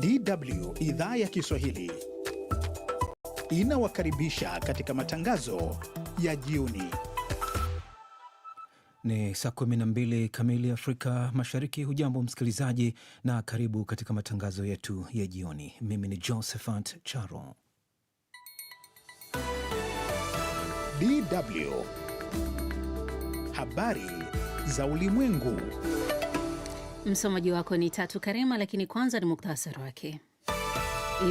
DW idhaa ya Kiswahili inawakaribisha katika matangazo ya jioni. Ni saa 12 kamili Afrika Mashariki. Hujambo msikilizaji, na karibu katika matangazo yetu ya jioni. Mimi ni Josephat Charo. DW habari za ulimwengu Msomaji wako ni Tatu Karema, lakini kwanza ni muktasari wake.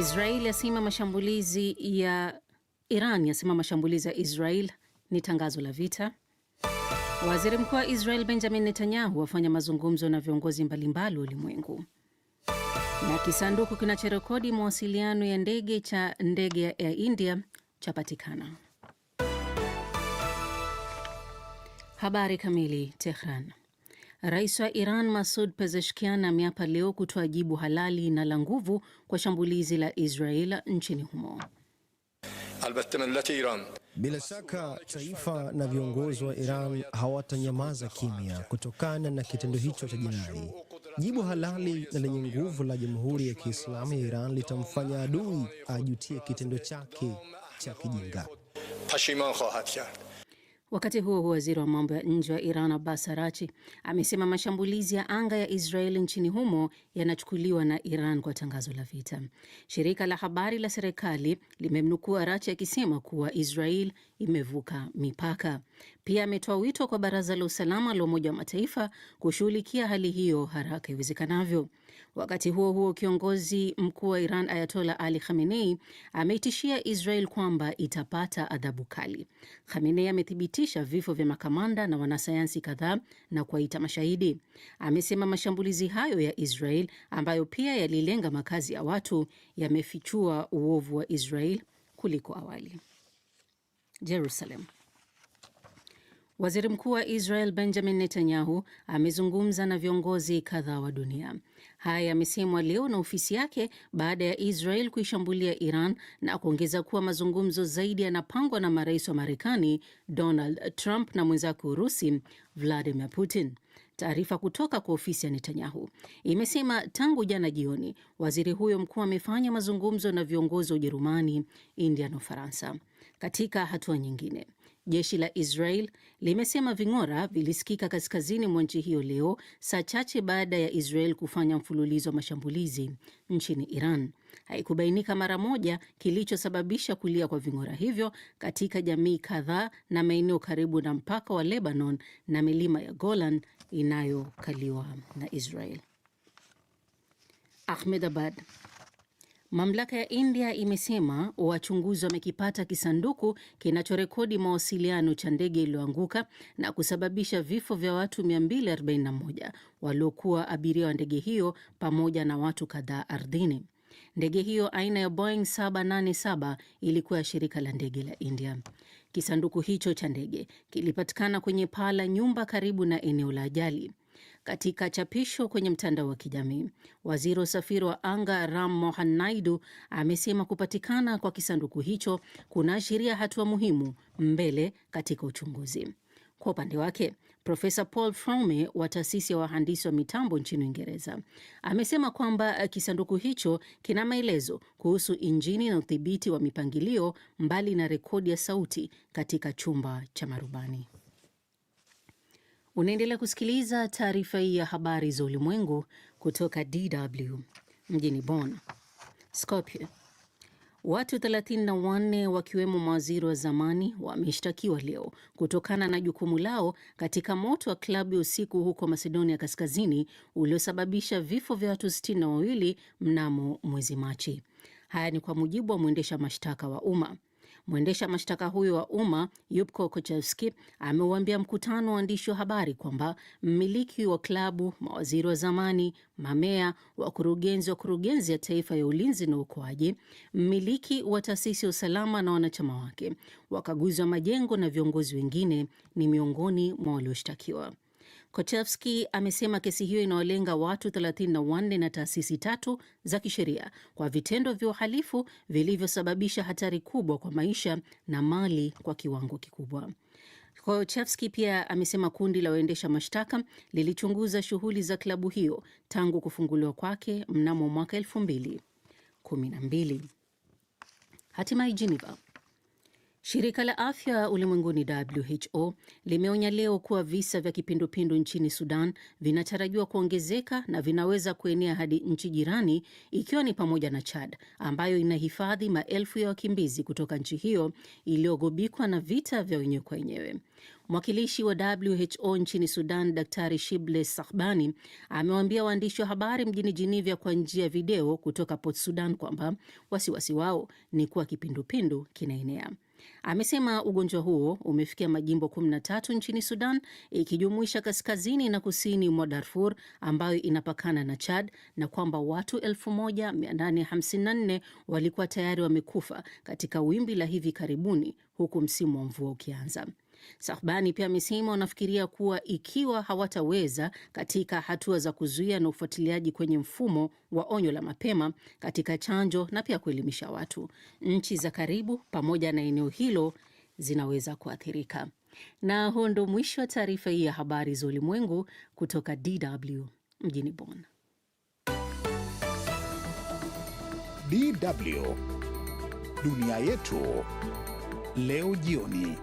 Israel yasema mashambulizi ya Iran yasema mashambulizi ya Israel ni tangazo la vita. Waziri Mkuu wa Israel Benjamin Netanyahu wafanya mazungumzo na viongozi mbalimbali ulimwengu. Na kisanduku kinachorekodi mawasiliano ya ndege cha ndege ya India chapatikana. Habari kamili. Tehran. Rais wa Iran masud Pezeshkian ameapa leo kutoa jibu halali na la nguvu kwa shambulizi la Israel nchini humo. Bila shaka taifa na viongozi wa Iran hawatanyamaza kimya kutokana na kitendo hicho cha jinai. Jibu halali na lenye nguvu la Jamhuri ya Kiislamu ya Iran litamfanya adui ajutie kitendo chake cha kijinga. Wakati huo huo, waziri wa mambo ya nje wa Iran Abbas Arachi amesema mashambulizi ya anga ya Israeli nchini humo yanachukuliwa na Iran kwa tangazo la vita. Shirika la habari la serikali limemnukuu Arachi akisema kuwa Israel imevuka mipaka. Pia ametoa wito kwa Baraza la Usalama la Umoja wa Mataifa kushughulikia hali hiyo haraka iwezekanavyo. Wakati huo huo, kiongozi mkuu wa Iran Ayatola Ali Khamenei ameitishia Israel kwamba itapata adhabu kali. Khamenei amethibitisha vifo vya makamanda na wanasayansi kadhaa na kuwaita mashahidi. Amesema mashambulizi hayo ya Israel ambayo pia yalilenga makazi ya watu yamefichua uovu wa Israel kuliko awali. Jerusalem. Waziri Mkuu wa Israel Benjamin Netanyahu amezungumza na viongozi kadhaa wa dunia. Haya yamesemwa leo na ofisi yake baada ya Israel kuishambulia Iran na kuongeza kuwa mazungumzo zaidi yanapangwa na marais wa Marekani Donald Trump na mwenzake Urusi Vladimir Putin. Taarifa kutoka kwa ofisi ya Netanyahu imesema tangu jana jioni waziri huyo mkuu amefanya mazungumzo na viongozi wa Ujerumani, India na no Ufaransa. Katika hatua nyingine, Jeshi la Israel limesema ving'ora vilisikika kaskazini mwa nchi hiyo leo, saa chache baada ya Israel kufanya mfululizo wa mashambulizi nchini Iran. Haikubainika mara moja kilichosababisha kulia kwa ving'ora hivyo katika jamii kadhaa na maeneo karibu na mpaka wa Lebanon na milima ya Golan inayokaliwa na Israel. Ahmedabad Mamlaka ya India imesema wachunguzi wamekipata kisanduku kinachorekodi mawasiliano cha ndege iliyoanguka na kusababisha vifo vya watu 241 waliokuwa abiria wa ndege hiyo pamoja na watu kadhaa ardhini. Ndege hiyo aina ya Boeing 787 ilikuwa ya shirika la ndege la India. Kisanduku hicho cha ndege kilipatikana kwenye paa la nyumba karibu na eneo la ajali. Katika chapisho kwenye mtandao wa kijamii, waziri wa usafiri wa anga Ram Mohan Naidu amesema kupatikana kwa kisanduku hicho kunaashiria hatua muhimu mbele katika uchunguzi. Kwa upande wake Profesa Paul Frome wa taasisi ya wahandisi wa mitambo nchini Uingereza amesema kwamba eh, kisanduku hicho kina maelezo kuhusu injini na udhibiti wa mipangilio, mbali na rekodi ya sauti katika chumba cha marubani. Unaendelea kusikiliza taarifa hii ya habari za ulimwengu kutoka DW mjini Bonn. Skopje, watu 34 wakiwemo mawaziri wa zamani wameshtakiwa leo kutokana na jukumu lao katika moto wa klabu ya usiku huko Macedonia Kaskazini uliosababisha vifo vya watu sitini wawili mnamo mwezi Machi. Haya ni kwa mujibu wa mwendesha mashtaka wa umma. Mwendesha mashtaka huyo wa umma Yupko Kochevski ameuambia mkutano wa waandishi wa habari kwamba mmiliki wa klabu, mawaziri wa zamani, mamea, wakurugenzi wa kurugenzi ya taifa ya ulinzi na uokoaji, mmiliki wa taasisi ya usalama na wanachama wake, wakaguzi wa majengo na viongozi wengine ni miongoni mwa walioshtakiwa kochevski amesema kesi hiyo inawalenga watu 34 na taasisi tatu za kisheria kwa vitendo vya uhalifu vilivyosababisha hatari kubwa kwa maisha na mali kwa kiwango kikubwa. Kochevski pia amesema kundi la waendesha mashtaka lilichunguza shughuli za klabu hiyo tangu kufunguliwa kwake mnamo mwaka 2012. Hatimaye Geneva Shirika la Afya Ulimwenguni WHO limeonya leo kuwa visa vya kipindupindu nchini Sudan vinatarajiwa kuongezeka na vinaweza kuenea hadi nchi jirani ikiwa ni pamoja na Chad ambayo inahifadhi maelfu ya wakimbizi kutoka nchi hiyo iliyogubikwa na vita vya wenyewe kwa wenyewe. Mwakilishi wa WHO nchini Sudan, Daktari Shible Sahbani amewaambia waandishi wa habari mjini jinivya kwa njia ya video kutoka Port Sudan kwamba wasiwasi wao ni kuwa kipindupindu kinaenea. Amesema ugonjwa huo umefikia majimbo 13 nchini Sudan ikijumuisha kaskazini na kusini mwa Darfur ambayo inapakana na Chad na kwamba watu 1854 walikuwa tayari wamekufa katika wimbi la hivi karibuni huku msimu wa mvua ukianza. Sahbani pia amesema wanafikiria kuwa ikiwa hawataweza katika hatua za kuzuia na ufuatiliaji kwenye mfumo wa onyo la mapema katika chanjo na pia kuelimisha watu, nchi za karibu pamoja na eneo hilo zinaweza kuathirika. Na huo ndo mwisho wa taarifa hii ya habari za ulimwengu kutoka DW mjini Bonn. DW dunia yetu leo jioni.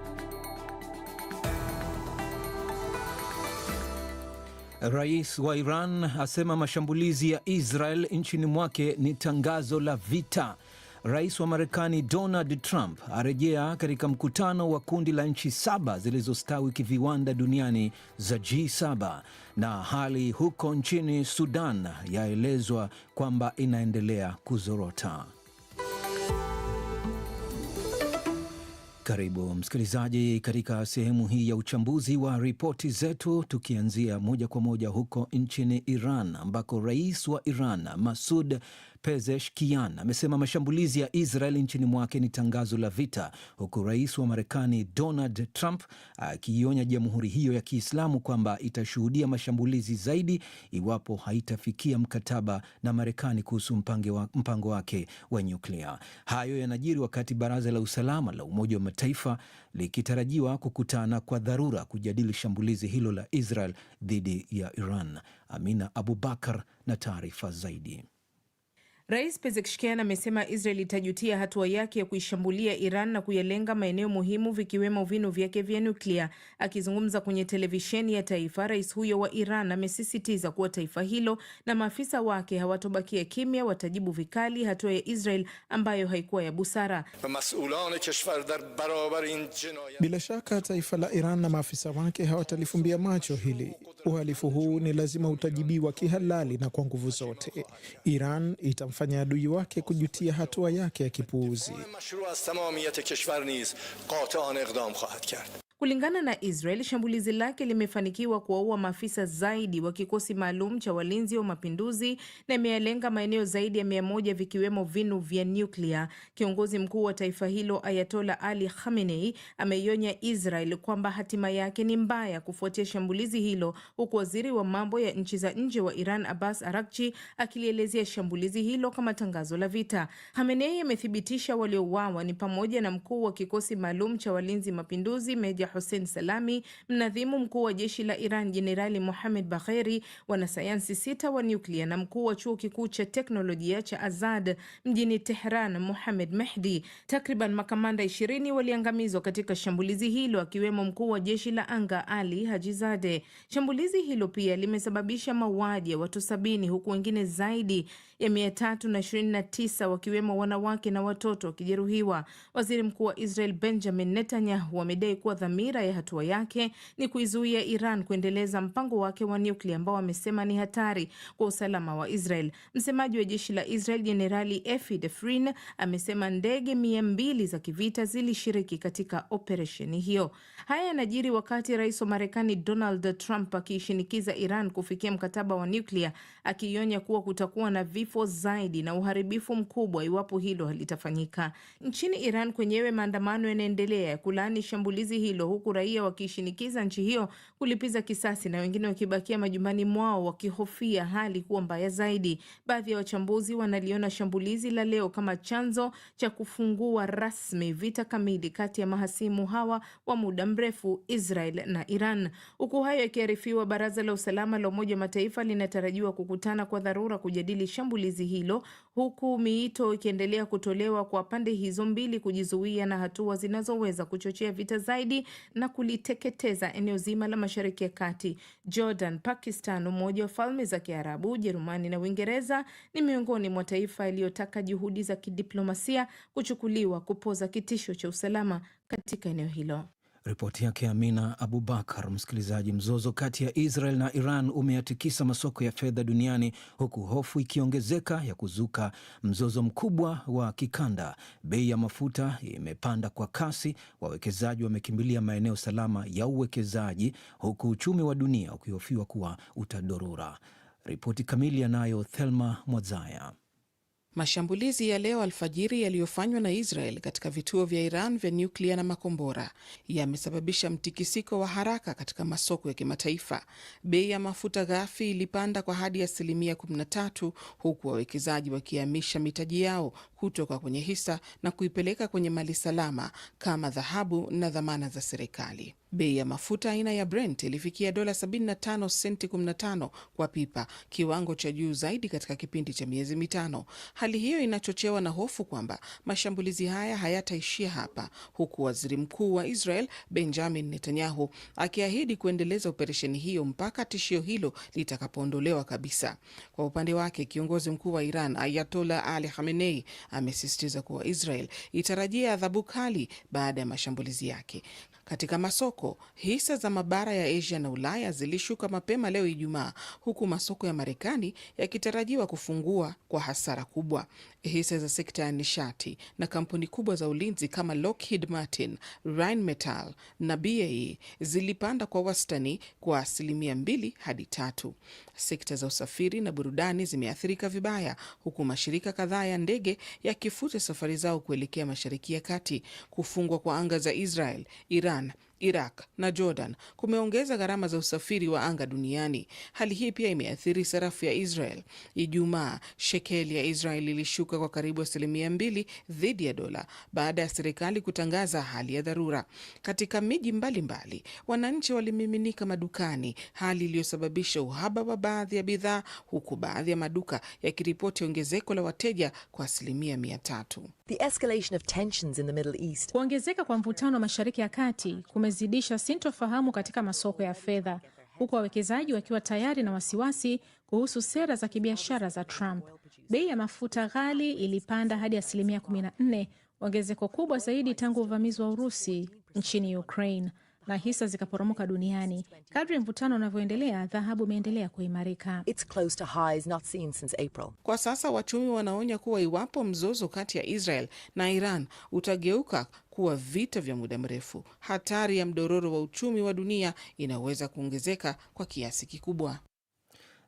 Rais wa Iran asema mashambulizi ya Israel nchini mwake ni tangazo la vita. Rais wa Marekani Donald Trump arejea katika mkutano wa kundi la nchi saba zilizostawi kiviwanda duniani za G7, na hali huko nchini Sudan yaelezwa kwamba inaendelea kuzorota. Karibu msikilizaji katika sehemu hii ya uchambuzi wa ripoti zetu, tukianzia moja kwa moja huko nchini Iran ambako rais wa Iran Masud Pezeshkian amesema mashambulizi ya Israel nchini mwake ni tangazo la vita, huku rais wa Marekani Donald Trump akiionya jamhuri hiyo ya Kiislamu kwamba itashuhudia mashambulizi zaidi iwapo haitafikia mkataba na Marekani kuhusu wa, mpango wake wa nyuklia. Hayo yanajiri wakati baraza la usalama la Umoja wa Mataifa likitarajiwa kukutana kwa dharura kujadili shambulizi hilo la Israel dhidi ya Iran. Amina Abubakar na taarifa zaidi. Rais Pezeshkian amesema Israel itajutia hatua yake ya kuishambulia Iran na kuyalenga maeneo muhimu vikiwemo vinu vyake vya nuklia. Akizungumza kwenye televisheni ya taifa, rais huyo wa Iran amesisitiza kuwa taifa hilo na maafisa wake hawatobakia kimya, watajibu vikali hatua ya Israel ambayo haikuwa ya busara. Bila shaka taifa la Iran na maafisa wake hawatalifumbia macho hili. Uhalifu huu ni lazima utajibiwa kihalali na kwa nguvu zote. Iran kumfanya adui wake kujutia hatua yake ya kipuuzi. Kulingana na Israel, shambulizi lake limefanikiwa kuwaua maafisa zaidi wa kikosi maalum cha walinzi wa mapinduzi na imeyalenga maeneo zaidi ya mia moja vikiwemo vinu vya nyuklia. Kiongozi mkuu wa taifa hilo Ayatola Ali Khamenei ameionya Israel kwamba hatima yake ni mbaya kufuatia shambulizi hilo, huku waziri wa mambo ya nchi za nje wa Iran Abbas Arakchi akilielezea shambulizi hilo kama tangazo la vita. Khamenei amethibitisha waliouawa ni pamoja na mkuu wa kikosi maalum cha walinzi mapinduzi Meja ya Hussein Salami, mnadhimu mkuu wa jeshi la Iran Jenerali Mohamed Bagheri, wanasayansi sita wa nyuklia na mkuu wa chuo kikuu cha teknolojia cha Azad mjini Tehran Mohamed Mehdi. Takriban makamanda 20 waliangamizwa katika shambulizi hilo akiwemo mkuu wa jeshi la anga Ali Hajizade. Shambulizi hilo pia limesababisha mauaji ya watu sabini huku wengine zaidi ya tisa wakiwemo wanawake na watoto wakijeruhiwa. Waziri Mkuu wa Israel Benjamin Netanyahu amedai kuwa dhamira ya hatua yake ni kuizuia Iran kuendeleza mpango wake wa nyuklia ambao wamesema ni hatari kwa usalama wa Israel. Msemaji wa jeshi la Israel Jenerali Efi Defrin amesema ndege mia mbili za kivita zilishiriki katika operesheni hiyo. Haya yanajiri wakati rais wa Marekani Donald Trump akiishinikiza Iran kufikia mkataba wa nyuklia, akionya kuwa kutakuwa na vifo zaidi na uharibifu mkubwa iwapo hilo halitafanyika. Nchini Iran kwenyewe maandamano yanaendelea ya kulaani shambulizi hilo huku raia wakiishinikiza nchi hiyo kulipiza kisasi na wengine wakibakia majumbani mwao wakihofia hali kuwa mbaya zaidi. Baadhi ya wachambuzi wanaliona shambulizi la leo kama chanzo cha kufungua rasmi vita kamili kati ya mahasimu hawa wa muda mrefu, Israel na Iran. Huku hayo yakiarifiwa, Baraza la Usalama la Umoja wa Mataifa linatarajiwa kukutana kwa dharura kujadili shambulizi hilo, huku miito ikiendelea kutolewa kwa pande hizo mbili kujizuia na hatua zinazoweza kuchochea vita zaidi na kuliteketeza eneo zima la Mashariki ya Kati. Jordan, Pakistan, Umoja wa Falme za Kiarabu, Ujerumani na Uingereza ni miongoni mwa taifa yaliyotaka juhudi za kidiplomasia kuchukuliwa kupoza kitisho cha usalama katika eneo hilo. Ripoti yake Amina Abubakar. Msikilizaji, mzozo kati ya Israel na Iran umeyatikisa masoko ya fedha duniani huku hofu ikiongezeka ya kuzuka mzozo mkubwa wa kikanda. Bei ya mafuta imepanda kwa kasi, wawekezaji wamekimbilia maeneo salama ya uwekezaji, huku uchumi wa dunia ukihofiwa kuwa utadorora. Ripoti kamili yanayo Thelma Mwazaya. Mashambulizi ya leo alfajiri yaliyofanywa na Israel katika vituo vya Iran vya nyuklia na makombora yamesababisha mtikisiko wa haraka katika masoko ya kimataifa. Bei ya mafuta ghafi ilipanda kwa hadi asilimia 13 huku wawekezaji wakihamisha mitaji yao kutoka kwenye hisa na kuipeleka kwenye mali salama kama dhahabu na dhamana za serikali. Bei ya mafuta aina ya Brent ilifikia dola 75 senti 15 kwa pipa, kiwango cha juu zaidi katika kipindi cha miezi mitano. Hali hiyo inachochewa na hofu kwamba mashambulizi haya hayataishia hapa, huku waziri mkuu wa Israel Benjamin Netanyahu akiahidi kuendeleza operesheni hiyo mpaka tishio hilo litakapoondolewa kabisa. Kwa upande wake, kiongozi mkuu wa Iran Ayatollah Ali Khamenei amesisitiza kuwa Israel itarajia adhabu kali baada ya mashambulizi yake. Katika masoko, hisa za mabara ya Asia na Ulaya zilishuka mapema leo Ijumaa, huku masoko ya Marekani yakitarajiwa kufungua kwa hasara kubwa. Hisa za sekta ya nishati na kampuni kubwa za ulinzi kama Lockheed Martin, Rheinmetall na BAE zilipanda kwa wastani kwa asilimia mbili hadi tatu. Sekta za usafiri na burudani zimeathirika vibaya, huku mashirika kadhaa ya ndege yakifuta safari zao kuelekea Mashariki ya Kati. Kufungwa kwa anga za Israel, Iran man Iraq na Jordan kumeongeza gharama za usafiri wa anga duniani. Hali hii pia imeathiri sarafu ya Israel. Ijumaa, shekeli ya Israel ilishuka kwa karibu asilimia b dhidi ya dola baada ya serikali kutangaza hali ya dharura. Katika miji mbalimbali, wananchi walimiminika madukani, hali iliyosababisha uhaba wa baadhi ya bidhaa, huku baadhi ya maduka yakiripoti ongezeko la wateja kwa asilimia mia tatu. Kuongezeka kwa mvutano wa Mashariki ya Kati kume umezidisha sintofahamu katika masoko ya fedha huku wawekezaji wakiwa tayari na wasiwasi kuhusu sera za kibiashara za Trump. Bei ya mafuta ghali ilipanda hadi asilimia 14, ongezeko kubwa zaidi tangu uvamizi wa Urusi nchini Ukraine na hisa zikaporomoka duniani. Kadri mvutano unavyoendelea, dhahabu imeendelea kuimarika. Kwa sasa wachumi wanaonya kuwa iwapo mzozo kati ya Israel na Iran utageuka kuwa vita vya muda mrefu, hatari ya mdororo wa uchumi wa dunia inaweza kuongezeka kwa kiasi kikubwa.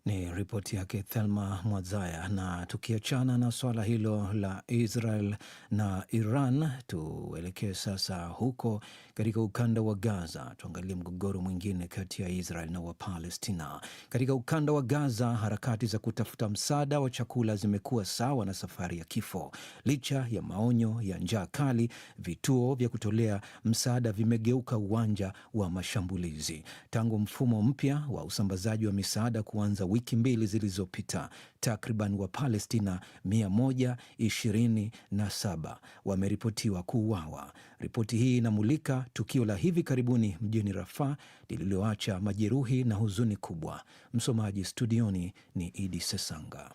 Ni ripoti yake Thelma Mwazaya. Na tukiachana na swala hilo la Israel na Iran, tuelekee sasa huko katika ukanda wa Gaza, tuangalie mgogoro mwingine kati ya Israel na Wapalestina. Katika ukanda wa Gaza, harakati za kutafuta msaada wa chakula zimekuwa sawa na safari ya kifo. Licha ya maonyo ya njaa kali, vituo vya kutolea msaada vimegeuka uwanja wa mashambulizi tangu mfumo mpya wa usambazaji wa misaada kuanza wiki mbili zilizopita, takriban Wapalestina 127 wameripotiwa kuuawa. Ripoti hii inamulika tukio la hivi karibuni mjini rafa lililoacha majeruhi na huzuni kubwa. Msomaji studioni ni Idi Sesanga.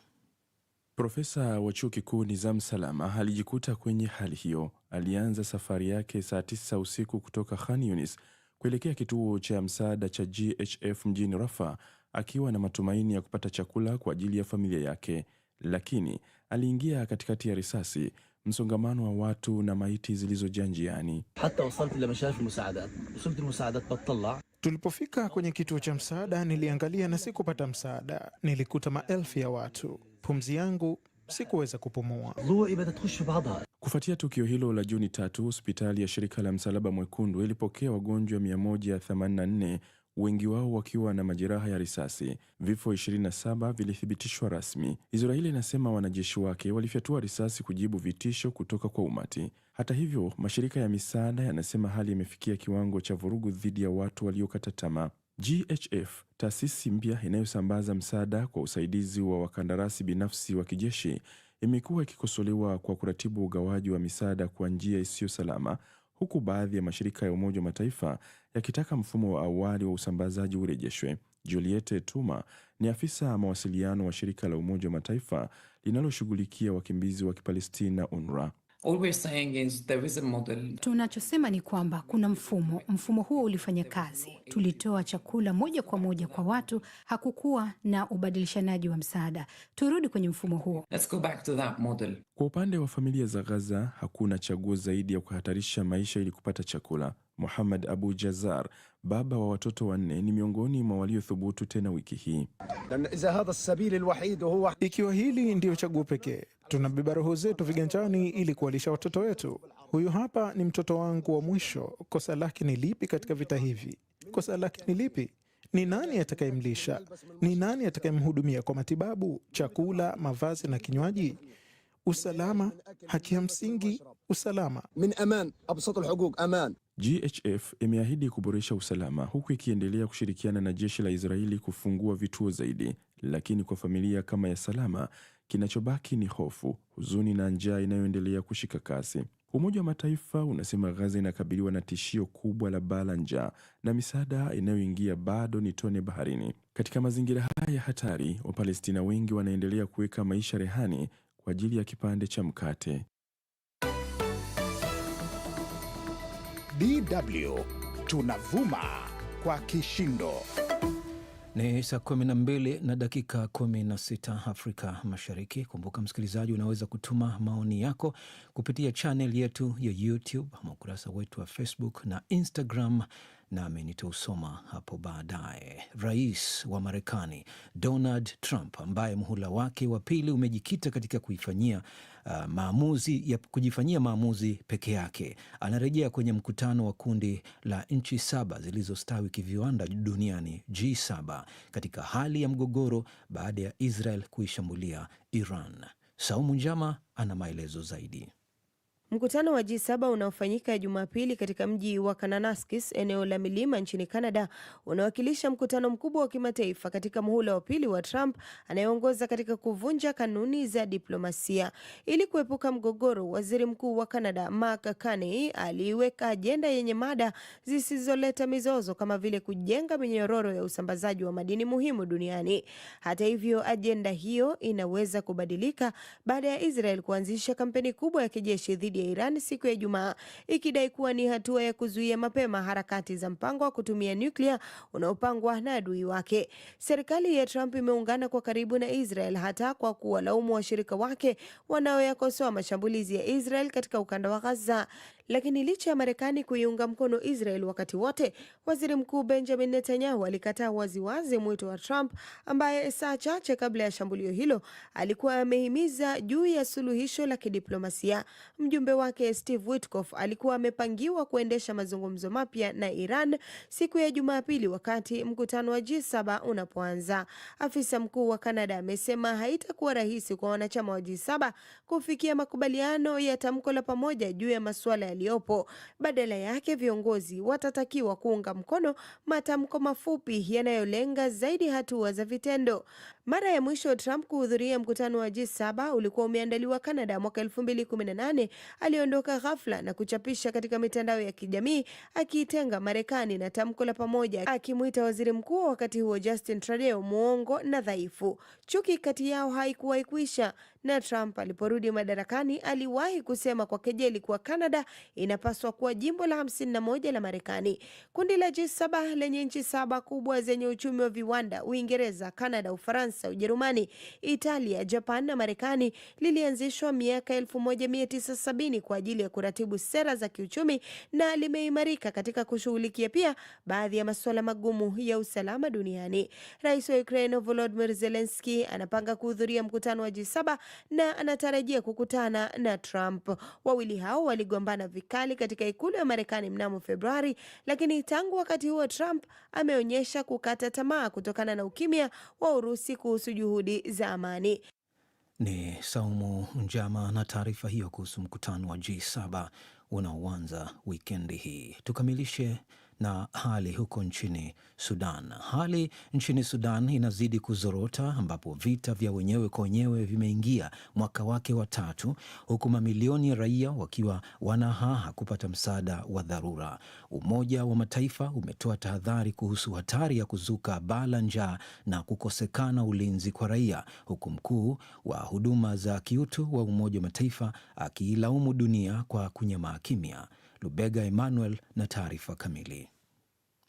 Profesa wa chuo kikuu Nizam Salama alijikuta kwenye hali hiyo. Alianza safari yake saa tisa usiku kutoka Khan Yunis kuelekea kituo cha msaada cha GHF mjini Rafa akiwa na matumaini ya kupata chakula kwa ajili ya familia yake, lakini aliingia katikati ya risasi, msongamano wa watu na maiti zilizojaa njiani. Tulipofika kwenye kituo cha msaada, niliangalia na sikupata msaada. Nilikuta maelfu ya watu, pumzi yangu sikuweza kupumua. Kufuatia tukio hilo la Juni tatu, hospitali ya shirika la Msalaba Mwekundu ilipokea wagonjwa 184 wengi wao wakiwa na majeraha ya risasi. Vifo 27 vilithibitishwa rasmi. Israeli inasema wanajeshi wake walifyatua risasi kujibu vitisho kutoka kwa umati. Hata hivyo, mashirika ya misaada yanasema hali imefikia kiwango cha vurugu dhidi ya watu waliokata tamaa. GHF, taasisi mpya inayosambaza msaada kwa usaidizi wa wakandarasi binafsi wa kijeshi, imekuwa ikikosolewa kwa kuratibu ugawaji wa misaada kwa njia isiyo salama, huku baadhi ya mashirika ya Umoja wa Mataifa yakitaka mfumo wa awali wa usambazaji urejeshwe. Juliette Tuma ni afisa mawasiliano wa shirika la Umoja wa Mataifa linaloshughulikia wakimbizi wa Kipalestina UNRWA. Tunachosema ni kwamba kuna mfumo. Mfumo huo ulifanya kazi, tulitoa chakula moja kwa moja kwa watu, hakukuwa na ubadilishanaji wa msaada. Turudi kwenye mfumo huo. Kwa upande wa familia za Gaza, hakuna chaguo zaidi ya kuhatarisha maisha ili kupata chakula. Muhammad Abu Jazar, baba wa watoto wanne, ni miongoni mwa waliothubutu tena wiki hii. Ikiwa hili ndiyo chaguo pekee, tunabeba roho zetu viganjani ili kuwalisha watoto wetu. Huyu hapa ni mtoto wangu wa mwisho. Kosa lake ni lipi katika vita hivi? Kosa lake ni lipi? Ni nani atakayemlisha? Ni nani atakayemhudumia kwa matibabu, chakula, mavazi na kinywaji? Usalama, haki ya msingi, usalama min aman aman GHF imeahidi kuboresha usalama huku ikiendelea kushirikiana na jeshi la Israeli kufungua vituo zaidi, lakini kwa familia kama ya Salama kinachobaki ni hofu, huzuni na njaa inayoendelea kushika kasi. Umoja wa Mataifa unasema Gaza inakabiliwa na tishio kubwa la baa la njaa na misaada inayoingia bado ni tone baharini. Katika mazingira haya ya hatari, Wapalestina wengi wanaendelea kuweka maisha rehani kwa ajili ya kipande cha mkate. DW tunavuma kwa kishindo. Ni saa 12 na dakika 16 Afrika Mashariki. Kumbuka msikilizaji, unaweza kutuma maoni yako kupitia chanel yetu ya YouTube ama ukurasa wetu wa Facebook na Instagram nami nitausoma hapo baadaye. Rais wa Marekani Donald Trump ambaye mhula wake wa pili umejikita katika kuifanyia uh, maamuzi ya kujifanyia maamuzi peke yake anarejea kwenye mkutano wa kundi la nchi saba zilizostawi kiviwanda duniani G7 katika hali ya mgogoro baada ya Israel kuishambulia Iran. Saumu Njama ana maelezo zaidi. Mkutano wa G7 unaofanyika Jumapili katika mji wa Kananaskis, eneo la milima nchini Canada, unawakilisha mkutano mkubwa wa kimataifa katika muhula wa pili wa Trump anayeongoza katika kuvunja kanuni za diplomasia. Ili kuepuka mgogoro, waziri mkuu wa Canada Mark Carney aliiweka ajenda yenye mada zisizoleta mizozo kama vile kujenga minyororo ya usambazaji wa madini muhimu duniani. Hata hivyo, ajenda hiyo inaweza kubadilika baada ya Israel kuanzisha kampeni kubwa ya kijeshi dhidi Iran siku ya Ijumaa ikidai kuwa ni hatua ya kuzuia mapema harakati za mpango wa kutumia nyuklia unaopangwa na adui wake. Serikali ya Trump imeungana kwa karibu na Israel hata kwa kuwalaumu washirika wake wanaoyakosoa mashambulizi ya Israel katika ukanda wa Gaza. Lakini licha ya Marekani kuiunga mkono Israel wakati wote, waziri mkuu Benjamin Netanyahu alikataa waziwazi mwito wa Trump ambaye saa chache kabla ya shambulio hilo alikuwa amehimiza juu ya suluhisho la kidiplomasia. Mjumbe wake Steve Witkoff alikuwa amepangiwa kuendesha mazungumzo mapya na Iran siku ya Jumapili wakati mkutano wa G7 unapoanza. Afisa mkuu wa Kanada amesema haitakuwa rahisi kwa wanachama wa G7 kufikia makubaliano ya tamko la pamoja juu ya masuala ya yaliyopo. Badala yake, viongozi watatakiwa kuunga mkono matamko mafupi yanayolenga zaidi hatua za vitendo. Mara ya mwisho Trump kuhudhuria mkutano wa G7 ulikuwa umeandaliwa Canada mwaka 2018. Aliondoka ghafla na kuchapisha katika mitandao ya kijamii akiitenga Marekani na tamko la pamoja, akimwita waziri mkuu wakati huo Justin Trudeau muongo na dhaifu. Chuki kati yao haikuwahi kuisha na Trump aliporudi madarakani aliwahi kusema kwa kejeli kuwa Canada inapaswa kuwa jimbo la 51 la Marekani. Kundi la G7 lenye nchi saba kubwa zenye uchumi wa viwanda, Uingereza, Canada, Ufaransa, Ujerumani, Italia, Japan na Marekani lilianzishwa miaka 1970 kwa ajili ya kuratibu sera za kiuchumi na limeimarika katika kushughulikia pia baadhi ya masuala magumu ya usalama duniani. Rais wa Ukraine Volodymyr Zelensky anapanga kuhudhuria mkutano wa G7 na anatarajia kukutana na Trump. Wawili hao waligombana vikali katika ikulu ya Marekani mnamo Februari, lakini tangu wakati huo Trump ameonyesha kukata tamaa kutokana na ukimya wa Urusi kuhusu juhudi za amani. Ni Saumu Njama na taarifa hiyo kuhusu mkutano wa G7 unaoanza wikendi hii. Tukamilishe na hali huko nchini Sudan. Hali nchini Sudan inazidi kuzorota, ambapo vita vya wenyewe kwa wenyewe vimeingia mwaka wake wa tatu, huku mamilioni ya raia wakiwa wanahaha kupata msaada wa dharura. Umoja wa Mataifa umetoa tahadhari kuhusu hatari ya kuzuka bala njaa na kukosekana ulinzi kwa raia, huku mkuu wa huduma za kiutu wa Umoja wa Mataifa akiilaumu dunia kwa kunyamaa kimya. Lubega Emmanuel na taarifa kamili.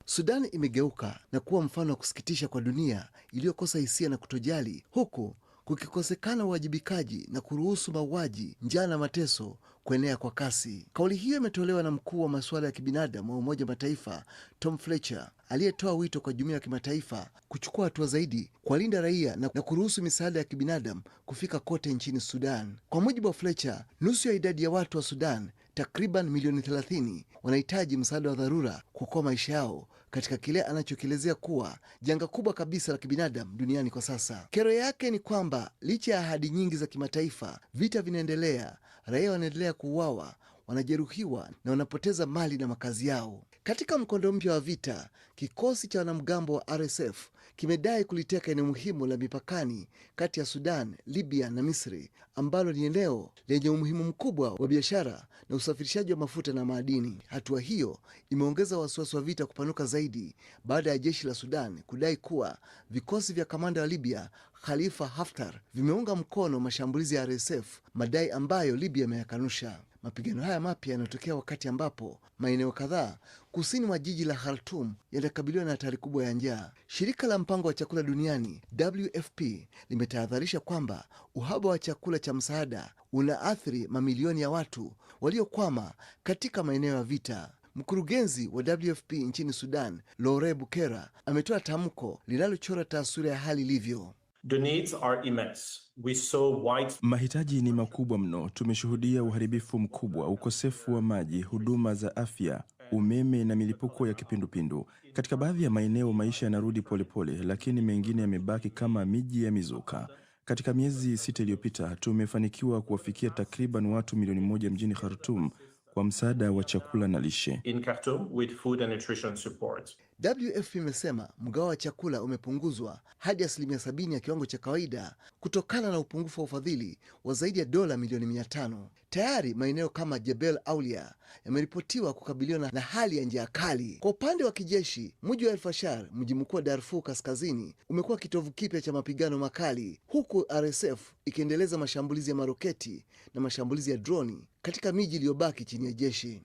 Sudan imegeuka na kuwa mfano wa kusikitisha kwa dunia iliyokosa hisia na kutojali, huku kukikosekana uwajibikaji na kuruhusu mauaji, njaa na mateso kuenea kwa kasi. Kauli hiyo imetolewa na mkuu wa masuala ya kibinadamu wa Umoja wa Mataifa Tom Fletcher aliyetoa wito kwa jumuiya ya kimataifa kuchukua hatua zaidi kuwalinda raia na kuruhusu misaada ya kibinadamu kufika kote nchini Sudan. Kwa mujibu wa Fletcher, nusu ya idadi ya watu wa Sudan, takriban milioni 30, wanahitaji msaada wa dharura kuokoa maisha yao katika kile anachokielezea kuwa janga kubwa kabisa la kibinadamu duniani kwa sasa. Kero yake ni kwamba licha ya ahadi nyingi za kimataifa, vita vinaendelea, raia wanaendelea kuuawa, wanajeruhiwa na wanapoteza mali na makazi yao. Katika mkondo mpya wa vita, kikosi cha wanamgambo wa RSF kimedai kuliteka eneo muhimu la mipakani kati ya Sudan, Libya na Misri ambalo ni eneo lenye umuhimu mkubwa wa biashara na usafirishaji wa mafuta na madini. Hatua hiyo imeongeza wasiwasi wa vita kupanuka zaidi baada ya jeshi la Sudan kudai kuwa vikosi vya kamanda wa Libya Khalifa Haftar vimeunga mkono mashambulizi ya RSF, madai ambayo Libya imeyakanusha. Mapigano haya mapya yanatokea wakati ambapo maeneo kadhaa kusini mwa jiji la hartum yanakabiliwa na hatari kubwa ya njaa. Shirika la mpango wa chakula duniani WFP limetahadharisha kwamba uhaba wa chakula cha msaada unaathiri mamilioni ya watu waliokwama katika maeneo ya vita. Mkurugenzi wa WFP nchini Sudan, Lore Bukera, ametoa tamko linalochora taswira ya hali ilivyo. The needs are immense. We saw white... Mahitaji ni makubwa mno. Tumeshuhudia uharibifu mkubwa, ukosefu wa maji, huduma za afya, umeme na milipuko ya kipindupindu. Katika baadhi ya maeneo maisha yanarudi polepole, lakini mengine yamebaki kama miji ya mizuka. Katika miezi sita iliyopita tumefanikiwa kuwafikia takriban watu milioni moja mjini Khartoum kwa msaada wa chakula na lishe. WFP imesema mgao wa chakula umepunguzwa hadi asilimia sabini ya kiwango cha kawaida kutokana na upungufu wa ufadhili wa zaidi ya dola milioni mia tano. Tayari maeneo kama Jebel Aulia yameripotiwa kukabiliwa na hali ya njaa kali. Kwa upande wa kijeshi, mji wa Elfashar, mji mkuu wa Darfur Kaskazini, umekuwa kitovu kipya cha mapigano makali, huku RSF ikiendeleza mashambulizi ya maroketi na mashambulizi ya droni katika miji iliyobaki chini ya jeshi.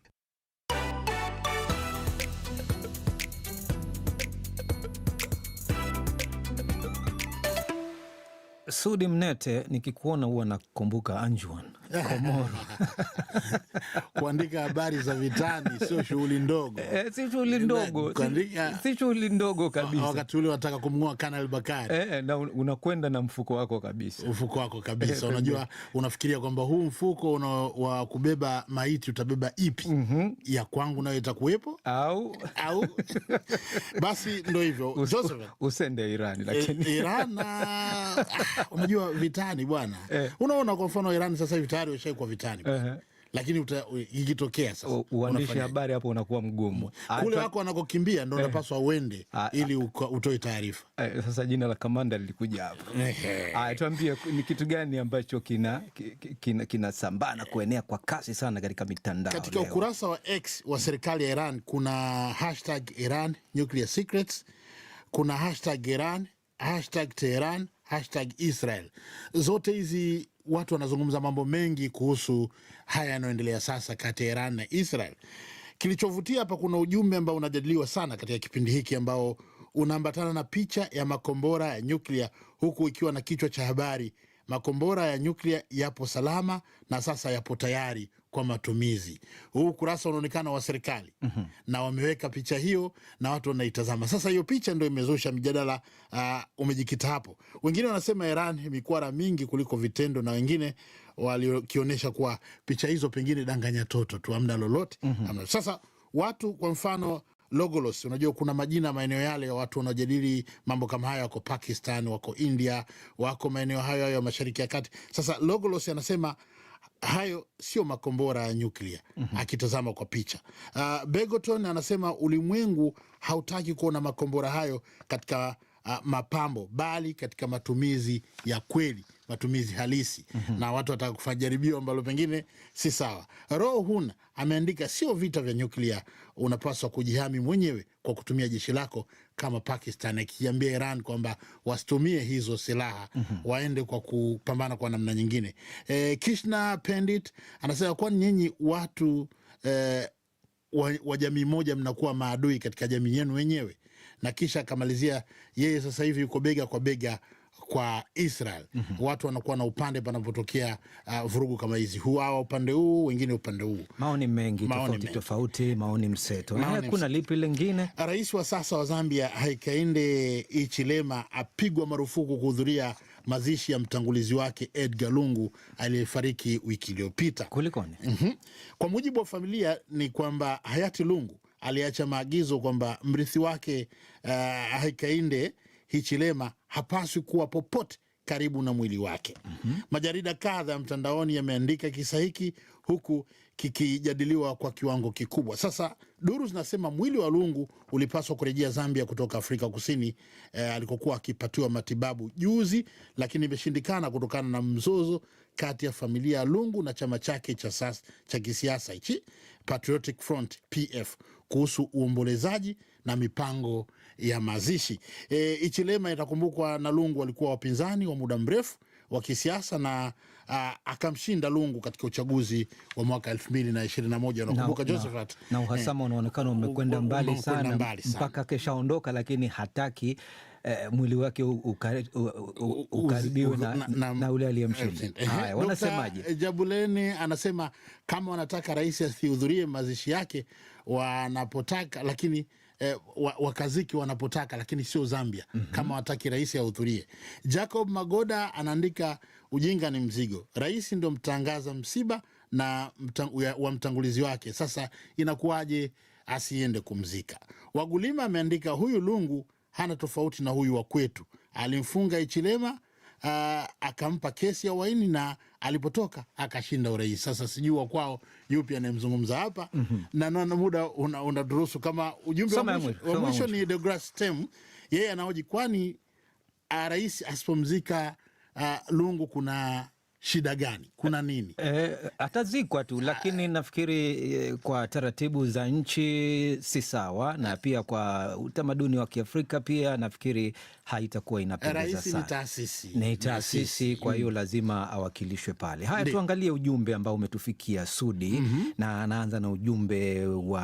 Sudi Mnete, nikikuona huwa nakumbuka Anjuan. Komoro kuandika habari za vitani sio shughuli ndogo eh, si shughuli yaani, ndogo kuandika... si shughuli ndogo kabisa. Wakati ule wataka kumng'oa Kanali Bakari eh, na unakwenda na mfuko wako kabisa, mfuko wako kabisa eh, unajua pende. unafikiria kwamba huu mfuko una, wa kubeba maiti utabeba ipi? mm -hmm. ya kwangu nayo itakuwepo au au basi ndo hivyo Us, usende Irani eh, lakini e, Irani ah, unajua vitani bwana eh. Unaona kwa mfano Irani sasa hivi tayari kwa vitani uh -huh. Lakini ikitokea sasa, uandishi habari hapo unakuwa mgumu mm. kule wako wanakokimbia ndo eh. unapaswa eh, uende ili utoe taarifa eh. Sasa jina la kamanda lilikuja hapo eh. Tuambie ni kitu gani ambacho kina kinasambaa kina na kuenea kwa kasi sana katika mitandao. Katika ukurasa wa X wa serikali ya Iran kuna hashtag Iran nuclear secrets, kuna hashtag Iran, hashtag Teheran, hashtag Israel, zote hizi watu wanazungumza mambo mengi kuhusu haya yanayoendelea sasa kati ya Iran na Israel. Kilichovutia hapa, kuna ujumbe ambao unajadiliwa sana katika kipindi hiki ambao unaambatana na picha ya makombora ya nyuklia, huku ikiwa na kichwa cha habari makombora ya nyuklia yapo salama na sasa yapo tayari kwa matumizi. Huu ukurasa unaonekana wa serikali mm -hmm. na wameweka picha hiyo na watu wanaitazama sasa. Hiyo picha ndo imezusha mjadala uh, umejikita hapo. Wengine wanasema Iran mikwara mingi kuliko vitendo, na wengine walikionyesha kuwa picha hizo pengine danganya toto tu, amna lolote mm -hmm. Sasa watu kwa mfano Logolos. unajua kuna majina maeneo yale ya watu wanaojadili mambo kama haya, wako Pakistan, wako India, wako maeneo hayo hayo ya Mashariki ya Kati. Sasa logolos anasema hayo sio makombora ya nyuklia mm -hmm. Akitazama kwa picha uh, Begoton anasema ulimwengu hautaki kuona makombora hayo katika uh, mapambo, bali katika matumizi ya kweli matumizi halisi mm -hmm. na watu wataka kufanya jaribio ambalo pengine si sawa. Roh Hun ameandika, sio vita vya nyuklia, unapaswa kujihami mwenyewe kwa kutumia jeshi lako, kama Pakistan akiambia Iran kwamba wasitumie hizo silaha mm -hmm. waende kwa kupambana kwa namna nyingine. E, Krishna Pandit anasema kwani nyinyi watu e, wa, wa jamii moja mnakuwa maadui katika jamii yenu wenyewe, na kisha akamalizia yeye sasa hivi yuko bega kwa bega kwa Israel mm -hmm. Watu wanakuwa na upande panapotokea uh, vurugu kama hizi, huawa upande huu, wengine upande huu, maoni mengi tofauti tofauti, maoni mseto. Kuna lipi lingine? Rais wa sasa wa Zambia Hakainde Hichilema apigwa marufuku kuhudhuria mazishi ya mtangulizi wake Edgar Lungu aliyefariki wiki iliyopita. Kulikoni? mm -hmm. Kwa mujibu wa familia ni kwamba hayati Lungu aliacha maagizo kwamba mrithi wake uh, Hakainde Hichilema hapaswi kuwa popote karibu na mwili wake. mm -hmm. Majarida kadha ya mtandaoni yameandika kisa hiki huku kikijadiliwa kwa kiwango kikubwa. Sasa duru zinasema mwili wa Lungu ulipaswa kurejea Zambia kutoka Afrika Kusini eh, alikokuwa akipatiwa matibabu juzi, lakini imeshindikana kutokana na mzozo kati ya familia ya Lungu na chama chake cha, cha kisiasa hichi Patriotic Front PF kuhusu uombolezaji na mipango ya mazishi. E, Ichilema itakumbukwa na Lungu walikuwa wapinzani wa muda mrefu wa kisiasa na a, akamshinda Lungu katika uchaguzi wa mwaka 2021 unakumbuka Josephat, na eh. uhasama unaonekana umekwenda mbali sana mpaka keshaondoka, lakini hataki Eh, mwili wake ukaribiwe na, na, na, na ule aliyemshinda. Haya, wanasemaje? Jabuleni anasema kama wanataka rais asihudhurie mazishi yake wanapotaka, lakini eh, wakaziki wanapotaka, lakini sio Zambia mm -hmm. Kama wataki rais ahudhurie. Jacob Magoda anaandika ujinga ni mzigo, rais ndo mtangaza msiba na mtang, wa mtangulizi wake, sasa inakuwaje asiende kumzika? Wagulima ameandika huyu Lungu hana tofauti na huyu wa kwetu, alimfunga Ichilema uh, akampa kesi ya waini na alipotoka akashinda urais. Sasa sijui wa kwao yupi anayemzungumza hapa mm -hmm. na naona muda unadurusu una kama ujumbe wa mwisho ni Deograce tem yeye anaoji kwani ah, rais asipomzika uh, Lungu kuna shida gani? Kuna nini? E, atazikwa tu, lakini nafikiri eh, kwa taratibu za nchi si sawa, na eh. pia kwa utamaduni wa Kiafrika pia nafikiri haitakuwa inapendeza sana. Ni taasisi, ni taasisi, kwa hiyo lazima awakilishwe pale. Haya, tuangalie ujumbe ambao umetufikia Sudi. mm -hmm. na anaanza na ujumbe wa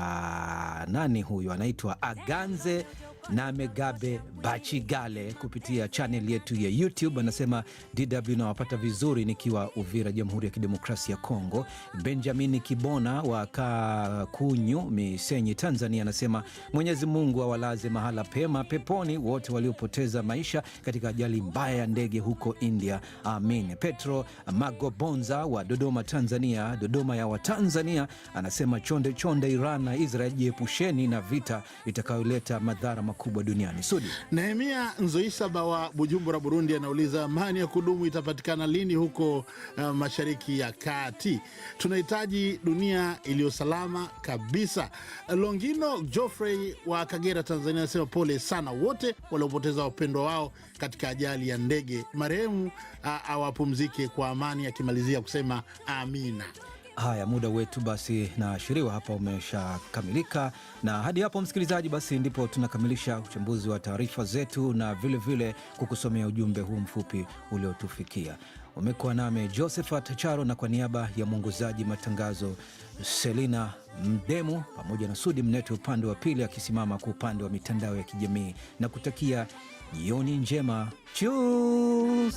nani huyu, anaitwa Aganze na Megabe Bachigale kupitia chaneli yetu ya YouTube. Anasema DW nawapata vizuri nikiwa Uvira, Jamhuri ya Kidemokrasia ya Kongo. Benjamin Kibona wa Kakunyu, Misenyi, Tanzania anasema Mwenyezi Mungu awalaze mahala pema peponi wote waliopoteza maisha katika ajali mbaya ya ndege huko India, amin. Petro Magobonza wa Dodoma, Tanzania, Dodoma ya Watanzania anasema chonde chonde Iran na Israel, jiepusheni na vita itakayoleta madhara makubwa duniani. Sudi Nehemia Nzoisaba wa Bujumbura, Burundi, anauliza amani ya kudumu itapatikana lini huko uh, mashariki ya kati? Tunahitaji dunia iliyosalama kabisa. Longino Geoffrey wa Kagera, Tanzania, anasema pole sana wote waliopoteza wapendwa wao katika ajali ya ndege. Marehemu uh, awapumzike kwa amani, akimalizia kusema amina. Haya, muda wetu basi naashiriwa hapa umeshakamilika, na hadi hapo msikilizaji, basi ndipo tunakamilisha uchambuzi wa taarifa zetu na vilevile vile kukusomea ujumbe huu mfupi uliotufikia. Umekuwa nami Josephat Charo, na kwa niaba ya mwongozaji matangazo Selina Mdemu pamoja na Sudi Mnete upande wa pili, akisimama kwa upande wa mitandao ya kijamii, na kutakia jioni njema. Chus